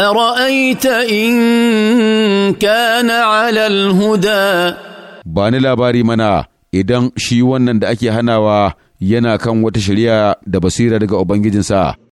أرأيت إن كان على الهدى باني لاباري منا idan shi wannan da ake hanawa yana kan wata shari'a da basira daga Ubangijinsa.